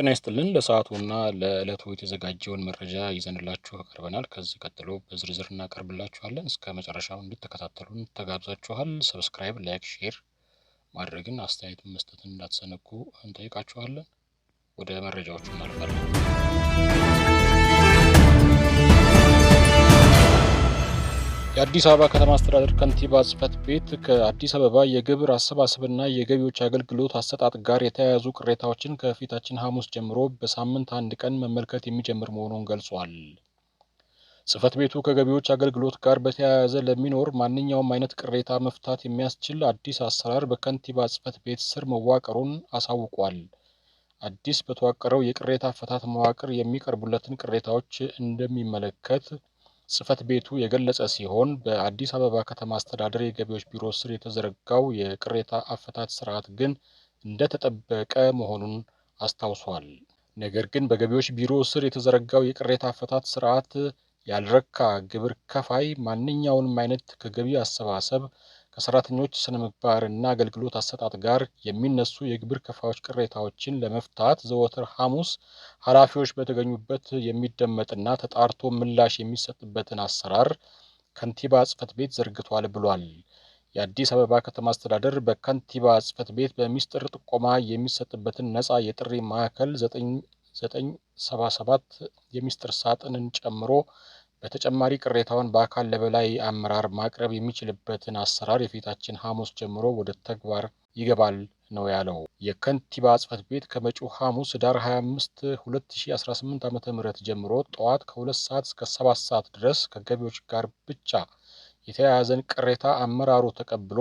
ጤና ይስጥልን። ለሰዓቱና ለዕለቱ የተዘጋጀውን መረጃ ይዘንላችሁ ቀርበናል። ከዚህ ቀጥሎ በዝርዝር እናቀርብላችኋለን። እስከ መጨረሻው እንድትከታተሉን ተጋብዛችኋል። ሰብስክራይብ፣ ላይክ፣ ሼር ማድረግን አስተያየት መስጠትን እንዳትሰነኩ እንጠይቃችኋለን። ወደ መረጃዎቹ እናልፋለን። የአዲስ አበባ ከተማ አስተዳደር ከንቲባ ጽፈት ቤት ከአዲስ አበባ የግብር አሰባሰብና የገቢዎች አገልግሎት አሰጣጥ ጋር የተያያዙ ቅሬታዎችን ከፊታችን ሐሙስ ጀምሮ በሳምንት አንድ ቀን መመልከት የሚጀምር መሆኑን ገልጿል። ጽሕፈት ቤቱ ከገቢዎች አገልግሎት ጋር በተያያዘ ለሚኖር ማንኛውም አይነት ቅሬታ መፍታት የሚያስችል አዲስ አሰራር በከንቲባ ጽፈት ቤት ስር መዋቀሩን አሳውቋል። አዲስ በተዋቀረው የቅሬታ አፈታት መዋቅር የሚቀርቡለትን ቅሬታዎች እንደሚመለከት ጽህፈት ቤቱ የገለጸ ሲሆን በአዲስ አበባ ከተማ አስተዳደር የገቢዎች ቢሮ ስር የተዘረጋው የቅሬታ አፈታት ስርዓት ግን እንደተጠበቀ መሆኑን አስታውሷል። ነገር ግን በገቢዎች ቢሮ ስር የተዘረጋው የቅሬታ አፈታት ስርዓት ያልረካ ግብር ከፋይ ማንኛውንም አይነት ከገቢ አሰባሰብ ከሰራተኞች እና አገልግሎት አሰጣጥ ጋር የሚነሱ የግብር ከፋዮች ቅሬታዎችን ለመፍታት ዘወትር ሐሙስ ኃላፊዎች በተገኙበት የሚደመጥና ተጣርቶ ምላሽ የሚሰጥበትን አሰራር ከንቲባ ጽፈት ቤት ዘርግቷል ብሏል። የአዲስ አበባ ከተማ አስተዳደር በከንቲባ ጽፈት ቤት በሚስጥር ጥቆማ የሚሰጥበትን ነፃ የጥሪ ማዕከል 977 የሚስጥር ሳጥንን ጨምሮ በተጨማሪ ቅሬታውን በአካል ለበላይ አመራር ማቅረብ የሚችልበትን አሰራር የፊታችን ሐሙስ ጀምሮ ወደ ተግባር ይገባል ነው ያለው። የከንቲባ ጽፈት ቤት ከመጪው ሐሙስ ኅዳር 25 2018 ዓ ም ጀምሮ ጠዋት ከ2 ሰዓት እስከ 7 ሰዓት ድረስ ከገቢዎች ጋር ብቻ የተያያዘን ቅሬታ አመራሩ ተቀብሎ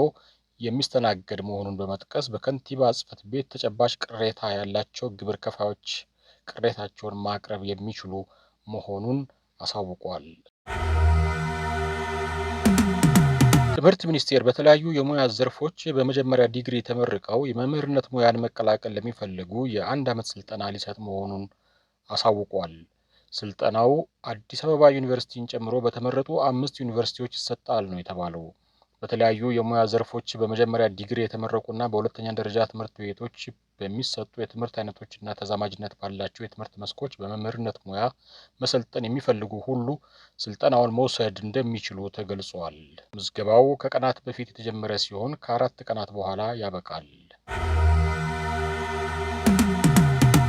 የሚስተናገድ መሆኑን በመጥቀስ በከንቲባ ጽፈት ቤት ተጨባጭ ቅሬታ ያላቸው ግብር ከፋዮች ቅሬታቸውን ማቅረብ የሚችሉ መሆኑን አሳውቋል። ትምህርት ሚኒስቴር በተለያዩ የሙያ ዘርፎች በመጀመሪያ ዲግሪ ተመርቀው የመምህርነት ሙያን መቀላቀል ለሚፈልጉ የአንድ ዓመት ስልጠና ሊሰጥ መሆኑን አሳውቋል። ስልጠናው አዲስ አበባ ዩኒቨርሲቲን ጨምሮ በተመረጡ አምስት ዩኒቨርሲቲዎች ይሰጣል ነው የተባለው። በተለያዩ የሙያ ዘርፎች በመጀመሪያ ዲግሪ የተመረቁና በሁለተኛ ደረጃ ትምህርት ቤቶች በሚሰጡ የትምህርት አይነቶችና ተዛማጅነት ባላቸው የትምህርት መስኮች በመምህርነት ሙያ መሰልጠን የሚፈልጉ ሁሉ ስልጠናውን መውሰድ እንደሚችሉ ተገልጿል። ምዝገባው ከቀናት በፊት የተጀመረ ሲሆን ከአራት ቀናት በኋላ ያበቃል።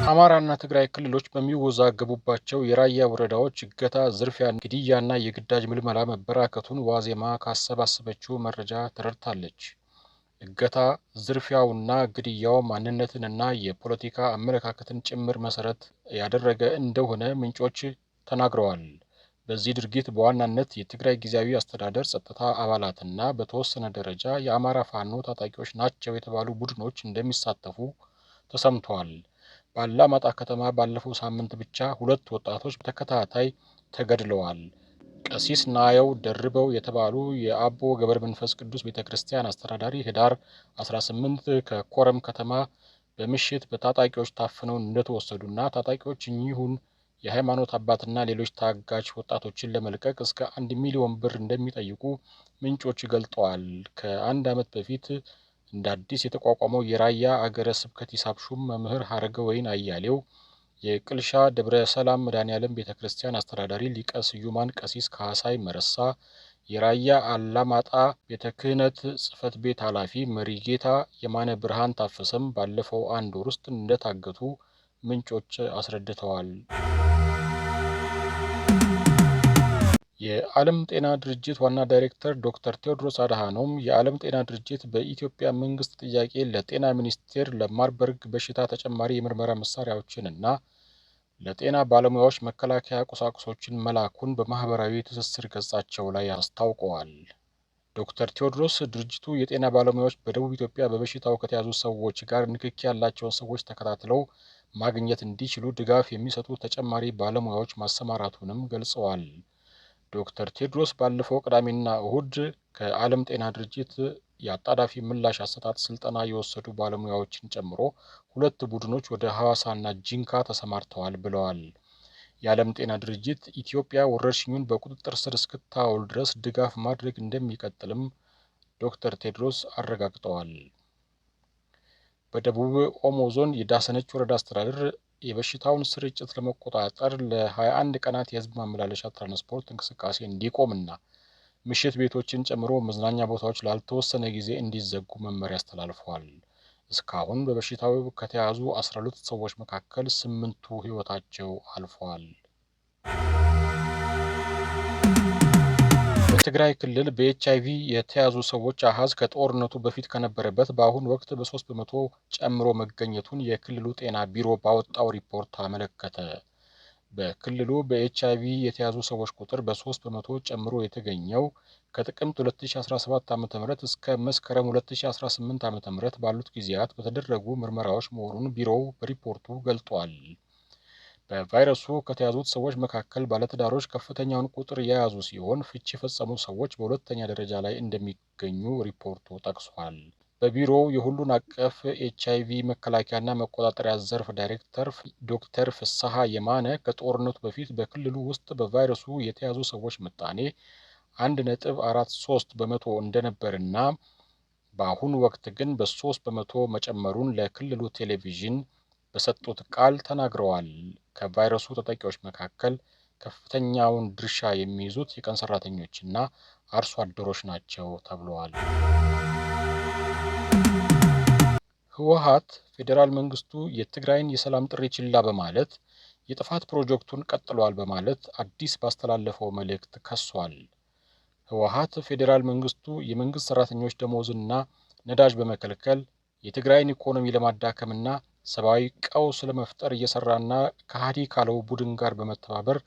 አማራና ትግራይ ክልሎች በሚወዛገቡባቸው የራያ ወረዳዎች እገታ፣ ዝርፊያ፣ ግድያና የግዳጅ ምልመላ መበራከቱን ዋዜማ ካሰባሰበችው መረጃ ተረድታለች። እገታ፣ ዝርፊያውና ግድያው ማንነትንና የፖለቲካ አመለካከትን ጭምር መሰረት ያደረገ እንደሆነ ምንጮች ተናግረዋል። በዚህ ድርጊት በዋናነት የትግራይ ጊዜያዊ አስተዳደር ጸጥታ አባላትና በተወሰነ ደረጃ የአማራ ፋኖ ታጣቂዎች ናቸው የተባሉ ቡድኖች እንደሚሳተፉ ተሰምተዋል። በአላማጣ ከተማ ባለፈው ሳምንት ብቻ ሁለት ወጣቶች በተከታታይ ተገድለዋል። ቀሲስ ናየው ደርበው የተባሉ የአቦ ገብረ መንፈስ ቅዱስ ቤተ ክርስቲያን አስተዳዳሪ ህዳር 18 ከኮረም ከተማ በምሽት በታጣቂዎች ታፍነው እንደተወሰዱና ታጣቂዎች እኚሁን የሃይማኖት አባትና ሌሎች ታጋች ወጣቶችን ለመልቀቅ እስከ አንድ ሚሊዮን ብር እንደሚጠይቁ ምንጮች ገልጠዋል። ከአንድ ዓመት በፊት እንደ አዲስ የተቋቋመው የራያ አገረ ስብከት ሂሳብ ሹም መምህር ሀረገ ወይን አያሌው፣ የቅልሻ ደብረ ሰላም መድኃኔዓለም ቤተ ክርስቲያን አስተዳዳሪ ሊቀ ስዩማን ቀሲስ ካሳይ መረሳ፣ የራያ አላማጣ ቤተ ክህነት ጽሕፈት ቤት ኃላፊ መሪጌታ የማነ ብርሃን ታፈሰም ባለፈው አንድ ወር ውስጥ እንደታገቱ ምንጮች አስረድተዋል። የዓለም ጤና ድርጅት ዋና ዳይሬክተር ዶክተር ቴዎድሮስ አድሃኖም የዓለም ጤና ድርጅት በኢትዮጵያ መንግስት ጥያቄ ለጤና ሚኒስቴር ለማርበርግ በሽታ ተጨማሪ የምርመራ እና ለጤና ባለሙያዎች መከላከያ ቁሳቁሶችን መላኩን በማህበራዊ ትስስር ገጻቸው ላይ አስታውቀዋል። ዶክተር ቴዎድሮስ ድርጅቱ የጤና ባለሙያዎች በደቡብ ኢትዮጵያ በበሽታው ከተያዙ ሰዎች ጋር ንክኪ ያላቸውን ሰዎች ተከታትለው ማግኘት እንዲችሉ ድጋፍ የሚሰጡ ተጨማሪ ባለሙያዎች ማሰማራቱንም ገልጸዋል። ዶክተር ቴድሮስ ባለፈው ቅዳሜና እሁድ ከዓለም ጤና ድርጅት የአጣዳፊ ምላሽ አሰጣጥ ስልጠና የወሰዱ ባለሙያዎችን ጨምሮ ሁለት ቡድኖች ወደ ሐዋሳና ጂንካ ተሰማርተዋል ብለዋል። የዓለም ጤና ድርጅት ኢትዮጵያ ወረርሽኙን በቁጥጥር ስር እስክታውል ድረስ ድጋፍ ማድረግ እንደሚቀጥልም ዶክተር ቴድሮስ አረጋግጠዋል። በደቡብ ኦሞ ዞን የዳሰነች ወረዳ አስተዳደር የበሽታውን ስርጭት ለመቆጣጠር ለ21 ቀናት የህዝብ ማመላለሻ ትራንስፖርት እንቅስቃሴ እንዲቆምና ምሽት ቤቶችን ጨምሮ መዝናኛ ቦታዎች ላልተወሰነ ጊዜ እንዲዘጉ መመሪያ አስተላልፏል። እስካሁን በበሽታው ከተያዙ 12 ሰዎች መካከል ስምንቱ ህይወታቸው አልፏል። ትግራይ ክልል በኤች አይቪ የተያዙ ሰዎች አሀዝ ከጦርነቱ በፊት ከነበረበት በአሁኑ ወቅት በሶስት በመቶ ጨምሮ መገኘቱን የክልሉ ጤና ቢሮ ባወጣው ሪፖርት አመለከተ። በክልሉ በኤችአይቪ የተያዙ ሰዎች ቁጥር በሶስት በመቶ ጨምሮ የተገኘው ከጥቅምት 2017 ዓ ም እስከ መስከረም 2018 ዓ ም ባሉት ጊዜያት በተደረጉ ምርመራዎች መሆኑን ቢሮው በሪፖርቱ ገልጧል። በቫይረሱ ከተያዙት ሰዎች መካከል ባለትዳሮች ከፍተኛውን ቁጥር የያዙ ሲሆን ፍቺ የፈጸሙ ሰዎች በሁለተኛ ደረጃ ላይ እንደሚገኙ ሪፖርቱ ጠቅሷል። በቢሮው የሁሉን አቀፍ ኤች አይ ቪ መከላከያና መቆጣጠሪያ ዘርፍ ዳይሬክተር ዶክተር ፍስሐ የማነ ከጦርነቱ በፊት በክልሉ ውስጥ በቫይረሱ የተያዙ ሰዎች ምጣኔ አንድ ነጥብ አራት ሶስት በመቶ እንደነበርና በአሁኑ ወቅት ግን በሶስት በመቶ መጨመሩን ለክልሉ ቴሌቪዥን በሰጡት ቃል ተናግረዋል። ከቫይረሱ ተጠቂዎች መካከል ከፍተኛውን ድርሻ የሚይዙት የቀን ሰራተኞችና አርሶ አደሮች ናቸው ተብለዋል። ህወሀት ፌዴራል መንግስቱ የትግራይን የሰላም ጥሪ ችላ በማለት የጥፋት ፕሮጀክቱን ቀጥሏል በማለት አዲስ ባስተላለፈው መልእክት ከሷል። ህወሀት ፌዴራል መንግስቱ የመንግስት ሰራተኞች ደሞዝና ነዳጅ በመከልከል የትግራይን ኢኮኖሚ ለማዳከምና ሰብአዊ ቀውስ ለመፍጠር እየሰራና ከሀዲ ካለው ቡድን ጋር በመተባበር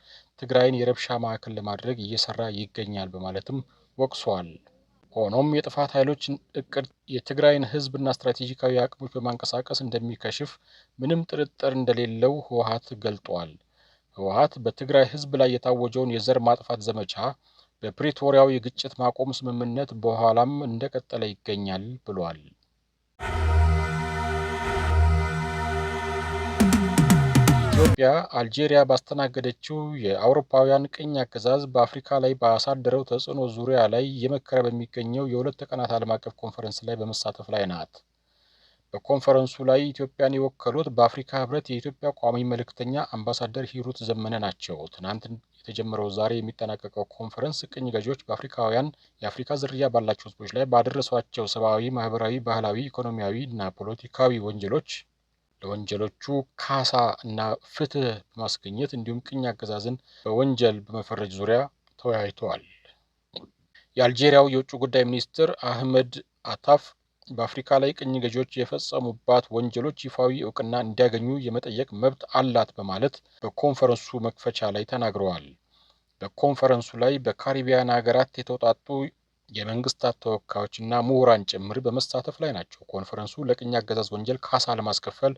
ትግራይን የረብሻ ማዕከል ለማድረግ እየሰራ ይገኛል በማለትም ወቅሷል። ሆኖም የጥፋት ኃይሎች እቅድ የትግራይን ህዝብና ስትራቴጂካዊ አቅሞች በማንቀሳቀስ እንደሚከሽፍ ምንም ጥርጥር እንደሌለው ህወሀት ገልጧል። ህወሀት በትግራይ ህዝብ ላይ የታወጀውን የዘር ማጥፋት ዘመቻ በፕሪቶሪያው የግጭት ማቆም ስምምነት በኋላም እንደቀጠለ ይገኛል ብሏል። ኢትዮጵያ አልጄሪያ ባስተናገደችው የአውሮፓውያን ቅኝ አገዛዝ በአፍሪካ ላይ ባሳደረው ተጽዕኖ ዙሪያ ላይ የመከረ በሚገኘው የሁለት ቀናት ዓለም አቀፍ ኮንፈረንስ ላይ በመሳተፍ ላይ ናት። በኮንፈረንሱ ላይ ኢትዮጵያን የወከሉት በአፍሪካ ህብረት የኢትዮጵያ ቋሚ መልእክተኛ አምባሳደር ሂሩት ዘመነ ናቸው። ትናንት የተጀመረው ዛሬ የሚጠናቀቀው ኮንፈረንስ ቅኝ ገዢዎች በአፍሪካውያን የአፍሪካ ዝርያ ባላቸው ህዝቦች ላይ ባደረሷቸው ሰብአዊ፣ ማህበራዊ፣ ባህላዊ፣ ኢኮኖሚያዊ እና ፖለቲካዊ ወንጀሎች ለወንጀሎቹ ካሳ እና ፍትህ በማስገኘት እንዲሁም ቅኝ አገዛዝን በወንጀል በመፈረጅ ዙሪያ ተወያይተዋል። የአልጄሪያው የውጭ ጉዳይ ሚኒስትር አህመድ አታፍ በአፍሪካ ላይ ቅኝ ገዢዎች የፈጸሙባት ወንጀሎች ይፋዊ እውቅና እንዲያገኙ የመጠየቅ መብት አላት በማለት በኮንፈረንሱ መክፈቻ ላይ ተናግረዋል። በኮንፈረንሱ ላይ በካሪቢያን ሀገራት የተውጣጡ የመንግስታት ተወካዮችና ምሁራን ጭምር በመሳተፍ ላይ ናቸው። ኮንፈረንሱ ለቅኝ አገዛዝ ወንጀል ካሳ ለማስከፈል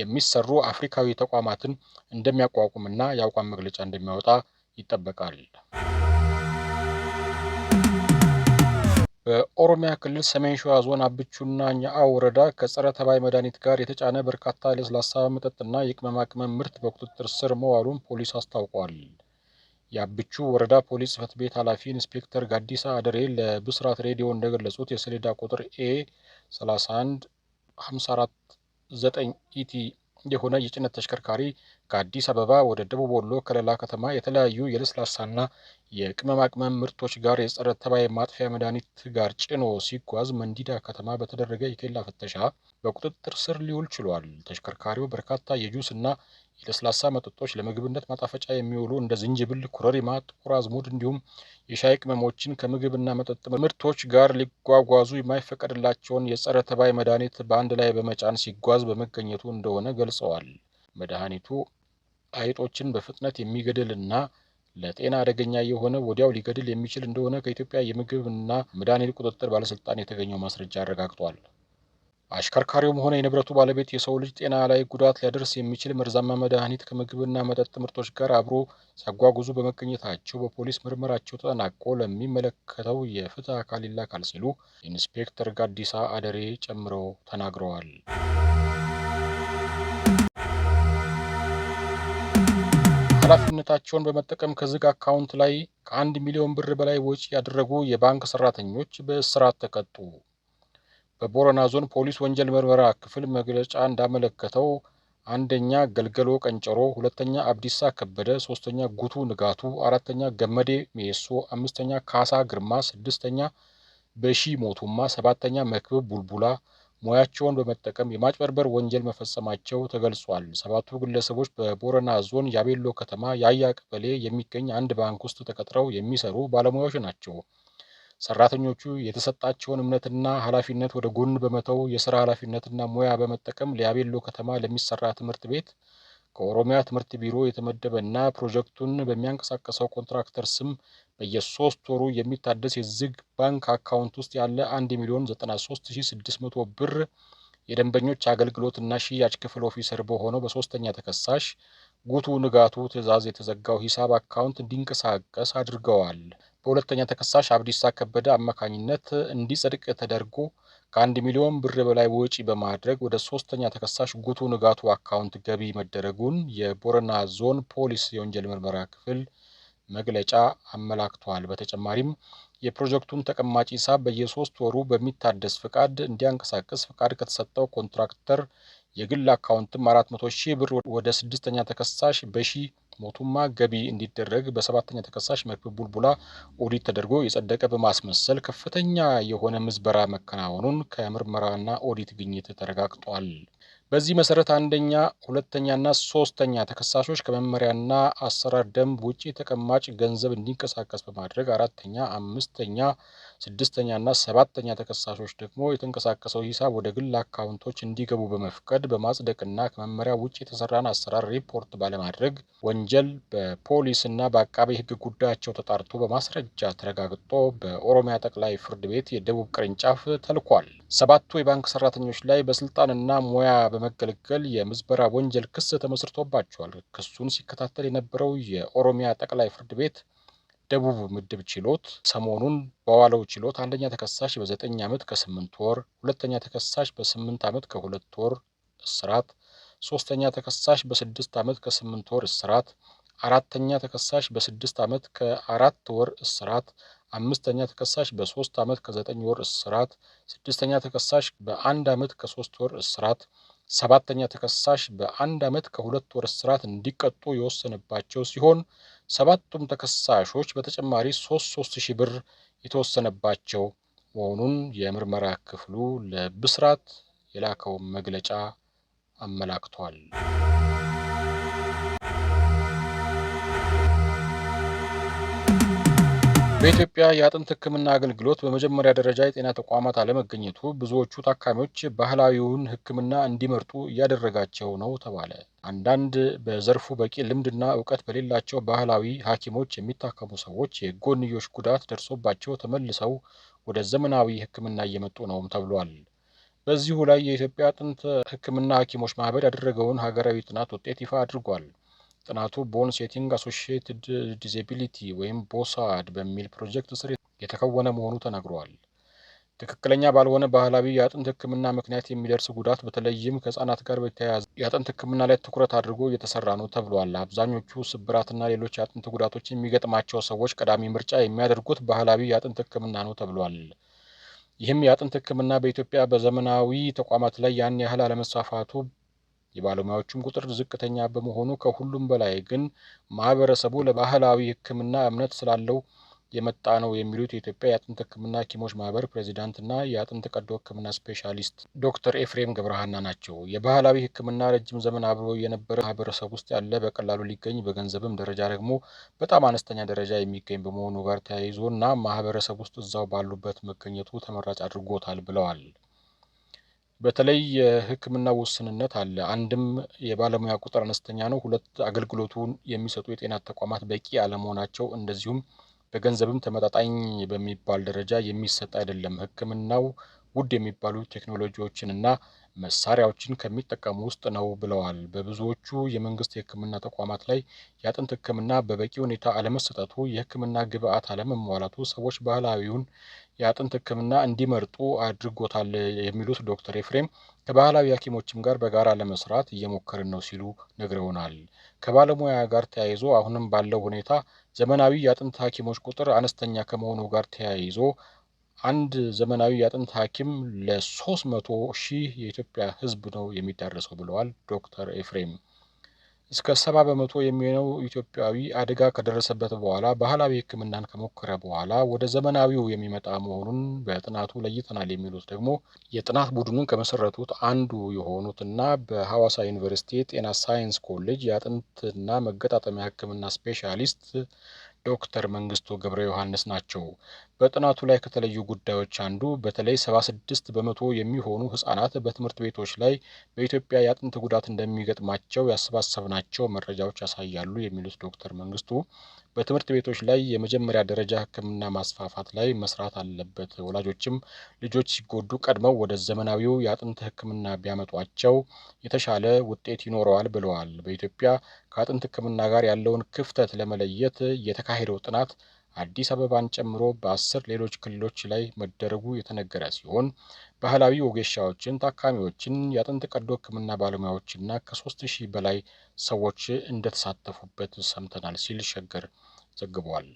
የሚሰሩ አፍሪካዊ ተቋማትን እንደሚያቋቁምና የአቋም መግለጫ እንደሚያወጣ ይጠበቃል። በኦሮሚያ ክልል ሰሜን ሸዋ ዞን አብቹና ኛአ ወረዳ ከጸረ ተባይ መድኃኒት ጋር የተጫነ በርካታ ለስላሳ መጠጥና የቅመማ ቅመም ምርት በቁጥጥር ስር መዋሉን ፖሊስ አስታውቋል። የአብቹ ወረዳ ፖሊስ ጽሕፈት ቤት ኃላፊ ኢንስፔክተር ጋዲሳ አደሬ ለብስራት ሬዲዮ እንደገለጹት የሰሌዳ ቁጥር ኤ 31 ኢቲ የሆነ የጭነት ተሽከርካሪ ከአዲስ አበባ ወደ ደቡብ ወሎ ከለላ ከተማ የተለያዩ የለስላሳና የቅመማ ቅመም ምርቶች ጋር የጸረ ተባይ ማጥፊያ መድኃኒት ጋር ጭኖ ሲጓዝ መንዲዳ ከተማ በተደረገ የኬላ ፍተሻ በቁጥጥር ስር ሊውል ችሏል። ተሽከርካሪው በርካታ የጁስ እና የለስላሳ መጠጦች ለምግብነት ማጣፈጫ የሚውሉ እንደ ዝንጅብል፣ ኮረሪማ፣ ጥቁር አዝሙድ እንዲሁም የሻይ ቅመሞችን ከምግብና መጠጥ ምርቶች ጋር ሊጓጓዙ የማይፈቀድላቸውን የጸረ ተባይ መድኃኒት በአንድ ላይ በመጫን ሲጓዝ በመገኘቱ እንደሆነ ገልጸዋል። መድኃኒቱ አይጦችን በፍጥነት እና ለጤና አደገኛ የሆነ ወዲያው ሊገድል የሚችል እንደሆነ ከኢትዮጵያ የምግብና መድኃኒት ቁጥጥር ባለስልጣን የተገኘው ማስረጃ አረጋግጧል። አሽከርካሪውም ሆነ የንብረቱ ባለቤት የሰው ልጅ ጤና ላይ ጉዳት ሊያደርስ የሚችል መርዛማ መድኃኒት ከምግብና መጠጥ ምርቶች ጋር አብሮ ሲያጓጉዙ በመገኘታቸው በፖሊስ ምርመራቸው ተጠናቆ ለሚመለከተው የፍትህ አካል ይላካል ሲሉ ኢንስፔክተር ጋዲሳ አደሬ ጨምረው ተናግረዋል። ኃላፊነታቸውን በመጠቀም ከዝግ አካውንት ላይ ከአንድ ሚሊዮን ብር በላይ ወጪ ያደረጉ የባንክ ሰራተኞች በእስራት ተቀጡ። በቦረና ዞን ፖሊስ ወንጀል ምርመራ ክፍል መግለጫ እንዳመለከተው አንደኛ ገልገሎ ቀንጨሮ፣ ሁለተኛ አብዲሳ ከበደ፣ ሶስተኛ ጉቱ ንጋቱ፣ አራተኛ ገመዴ ሜሶ፣ አምስተኛ ካሳ ግርማ፣ ስድስተኛ በሺ ሞቱማ፣ ሰባተኛ መክብብ ቡልቡላ ሙያቸውን በመጠቀም የማጭበርበር ወንጀል መፈጸማቸው ተገልጿል። ሰባቱ ግለሰቦች በቦረና ዞን ያቤሎ ከተማ ያያ ቀበሌ የሚገኝ አንድ ባንክ ውስጥ ተቀጥረው የሚሰሩ ባለሙያዎች ናቸው። ሰራተኞቹ የተሰጣቸውን እምነትና ኃላፊነት ወደ ጎን በመተው የስራ ኃላፊነትና ሙያ በመጠቀም ለያቤሎ ከተማ ለሚሰራ ትምህርት ቤት ከኦሮሚያ ትምህርት ቢሮ የተመደበ እና ፕሮጀክቱን በሚያንቀሳቀሰው ኮንትራክተር ስም በየሶስት ወሩ የሚታደስ የዝግ ባንክ አካውንት ውስጥ ያለ 1 ሚሊዮን 93600 ብር የደንበኞች እና ሽያጭ ክፍል ኦፊሰር በሆነው በሶስተኛ ተከሳሽ ጉቱ ንጋቱ ትዕዛዝ የተዘጋው ሂሳብ አካውንት እንዲንቀሳቀስ አድርገዋል። በሁለተኛ ተከሳሽ አብዲሳ ከበደ አማካኝነት እንዲጸድቅ ተደርጎ ከአንድ ሚሊዮን ብር በላይ ወጪ በማድረግ ወደ ሶስተኛ ተከሳሽ ጉቱ ንጋቱ አካውንት ገቢ መደረጉን የቦረና ዞን ፖሊስ የወንጀል ምርመራ ክፍል መግለጫ አመላክቷል። በተጨማሪም የፕሮጀክቱን ተቀማጭ ሂሳብ በየሶስት ወሩ በሚታደስ ፍቃድ እንዲያንቀሳቅስ ፍቃድ ከተሰጠው ኮንትራክተር የግል አካውንትም አራት መቶ ሺህ ብር ወደ ስድስተኛ ተከሳሽ በሺ ሞቱማ ገቢ እንዲደረግ በሰባተኛ ተከሳሽ መክብብ ቡልቡላ ኦዲት ተደርጎ የጸደቀ በማስመሰል ከፍተኛ የሆነ ምዝበራ መከናወኑን ከምርመራና ኦዲት ግኝት ተረጋግጧል። በዚህ መሰረት አንደኛ፣ ሁለተኛና ሶስተኛ ተከሳሾች ከመመሪያና አሰራር ደንብ ውጪ ተቀማጭ ገንዘብ እንዲንቀሳቀስ በማድረግ አራተኛ፣ አምስተኛ ስድስተኛ እና ሰባተኛ ተከሳሾች ደግሞ የተንቀሳቀሰው ሂሳብ ወደ ግል አካውንቶች እንዲገቡ በመፍቀድ በማጽደቅና ከመመሪያ ውጭ የተሰራን አሰራር ሪፖርት ባለማድረግ ወንጀል በፖሊስ እና በአቃቤ ሕግ ጉዳያቸው ተጣርቶ በማስረጃ ተረጋግጦ በኦሮሚያ ጠቅላይ ፍርድ ቤት የደቡብ ቅርንጫፍ ተልኳል። ሰባቱ የባንክ ሰራተኞች ላይ በስልጣንና ሙያ በመገልገል የምዝበራ ወንጀል ክስ ተመስርቶባቸዋል። ክሱን ሲከታተል የነበረው የኦሮሚያ ጠቅላይ ፍርድ ቤት ደቡብ ምድብ ችሎት ሰሞኑን በዋለው ችሎት አንደኛ ተከሳሽ በዘጠኝ ዓመት ከስምንት ወር፣ ሁለተኛ ተከሳሽ በስምንት ዓመት ከሁለት ወር እስራት፣ ሶስተኛ ተከሳሽ በስድስት ዓመት ከስምንት ወር እስራት፣ አራተኛ ተከሳሽ በስድስት ዓመት ከአራት ወር እስራት፣ አምስተኛ ተከሳሽ በሶስት ዓመት ከዘጠኝ ወር እስራት፣ ስድስተኛ ተከሳሽ በአንድ ዓመት ከሶስት ወር እስራት፣ ሰባተኛ ተከሳሽ በአንድ ዓመት ከሁለት ወር እስራት እንዲቀጡ የወሰነባቸው ሲሆን ሰባቱም ተከሳሾች በተጨማሪ ሶስት ሶስት ሺህ ብር የተወሰነባቸው መሆኑን የምርመራ ክፍሉ ለብስራት የላከው መግለጫ አመላክቷል። በኢትዮጵያ የአጥንት ሕክምና አገልግሎት በመጀመሪያ ደረጃ የጤና ተቋማት አለመገኘቱ ብዙዎቹ ታካሚዎች ባህላዊውን ሕክምና እንዲመርጡ እያደረጋቸው ነው ተባለ። አንዳንድ በዘርፉ በቂ ልምድና እውቀት በሌላቸው ባህላዊ ሐኪሞች የሚታከሙ ሰዎች የጎንዮሽ ጉዳት ደርሶባቸው ተመልሰው ወደ ዘመናዊ ሕክምና እየመጡ ነውም ተብሏል። በዚሁ ላይ የኢትዮጵያ አጥንት ሕክምና ሐኪሞች ማህበር ያደረገውን ሀገራዊ ጥናት ውጤት ይፋ አድርጓል። ጥናቱ ቦን ሴቲንግ አሶሺየትድ ዲዚቢሊቲ ወይም ቦሳድ በሚል ፕሮጀክት ስር የተከወነ መሆኑ ተነግሯል። ትክክለኛ ባልሆነ ባህላዊ የአጥንት ሕክምና ምክንያት የሚደርስ ጉዳት በተለይም ከህጻናት ጋር በተያያዘ የአጥንት ሕክምና ላይ ትኩረት አድርጎ እየተሰራ ነው ተብሏል። አብዛኞቹ ስብራትና ሌሎች የአጥንት ጉዳቶች የሚገጥማቸው ሰዎች ቀዳሚ ምርጫ የሚያደርጉት ባህላዊ የአጥንት ሕክምና ነው ተብሏል። ይህም የአጥንት ሕክምና በኢትዮጵያ በዘመናዊ ተቋማት ላይ ያን ያህል አለመስፋፋቱ የባለሙያዎቹም ቁጥር ዝቅተኛ በመሆኑ ከሁሉም በላይ ግን ማህበረሰቡ ለባህላዊ ሕክምና እምነት ስላለው የመጣ ነው የሚሉት የኢትዮጵያ የአጥንት ሕክምና ሐኪሞች ማህበር ፕሬዚዳንትና የአጥንት ቀዶ ሕክምና ስፔሻሊስት ዶክተር ኤፍሬም ገብረሃና ናቸው። የባህላዊ ሕክምና ረጅም ዘመን አብሮ የነበረ ማህበረሰብ ውስጥ ያለ በቀላሉ ሊገኝ በገንዘብም ደረጃ ደግሞ በጣም አነስተኛ ደረጃ የሚገኝ በመሆኑ ጋር ተያይዞ እና ማህበረሰብ ውስጥ እዛው ባሉበት መገኘቱ ተመራጭ አድርጎታል ብለዋል። በተለይ የሕክምና ውስንነት አለ። አንድም የባለሙያ ቁጥር አነስተኛ ነው፣ ሁለት አገልግሎቱን የሚሰጡ የጤና ተቋማት በቂ አለመሆናቸው፣ እንደዚሁም በገንዘብም ተመጣጣኝ በሚባል ደረጃ የሚሰጥ አይደለም። ሕክምናው ውድ የሚባሉ ቴክኖሎጂዎችን እና መሳሪያዎችን ከሚጠቀሙ ውስጥ ነው ብለዋል። በብዙዎቹ የመንግስት የህክምና ተቋማት ላይ የአጥንት ህክምና በበቂ ሁኔታ አለመሰጠቱ፣ የህክምና ግብዓት አለመሟላቱ ሰዎች ባህላዊውን የአጥንት ሕክምና እንዲመርጡ አድርጎታል የሚሉት ዶክተር ኤፍሬም ከባህላዊ ሐኪሞችም ጋር በጋራ ለመስራት እየሞከርን ነው ሲሉ ነግረውናል። ከባለሙያ ጋር ተያይዞ አሁንም ባለው ሁኔታ ዘመናዊ የአጥንት ሐኪሞች ቁጥር አነስተኛ ከመሆኑ ጋር ተያይዞ አንድ ዘመናዊ የአጥንት ሐኪም ለሶስት መቶ ሺህ የኢትዮጵያ ህዝብ ነው የሚዳረሰው ብለዋል ዶክተር ኤፍሬም። እስከ ሰባ በመቶ የሚሆነው ኢትዮጵያዊ አደጋ ከደረሰበት በኋላ ባህላዊ ሕክምናን ከሞከረ በኋላ ወደ ዘመናዊው የሚመጣ መሆኑን በጥናቱ ለይተናል የሚሉት ደግሞ የጥናት ቡድኑን ከመሰረቱት አንዱ የሆኑትና በሐዋሳ ዩኒቨርሲቲ ጤና ሳይንስ ኮሌጅ የአጥንትና መገጣጠሚያ ሕክምና ስፔሻሊስት ዶክተር መንግስቱ ገብረ ዮሐንስ ናቸው። በጥናቱ ላይ ከተለዩ ጉዳዮች አንዱ በተለይ 76 በመቶ የሚሆኑ ህጻናት በትምህርት ቤቶች ላይ በኢትዮጵያ የአጥንት ጉዳት እንደሚገጥማቸው ያሰባሰብናቸው መረጃዎች ያሳያሉ የሚሉት ዶክተር መንግስቱ በትምህርት ቤቶች ላይ የመጀመሪያ ደረጃ ሕክምና ማስፋፋት ላይ መስራት አለበት። ወላጆችም ልጆች ሲጎዱ ቀድመው ወደ ዘመናዊው የአጥንት ሕክምና ቢያመጧቸው የተሻለ ውጤት ይኖረዋል ብለዋል። በኢትዮጵያ ከአጥንት ሕክምና ጋር ያለውን ክፍተት ለመለየት የተካሄደው ጥናት አዲስ አበባን ጨምሮ በአስር ሌሎች ክልሎች ላይ መደረጉ የተነገረ ሲሆን ባህላዊ ወጌሻዎችን፣ ታካሚዎችን፣ የአጥንት ቀዶ ሕክምና ባለሙያዎችና ከሶስት ሺህ በላይ ሰዎች እንደተሳተፉበት ሰምተናል ሲል ሸገር ዘግቧል።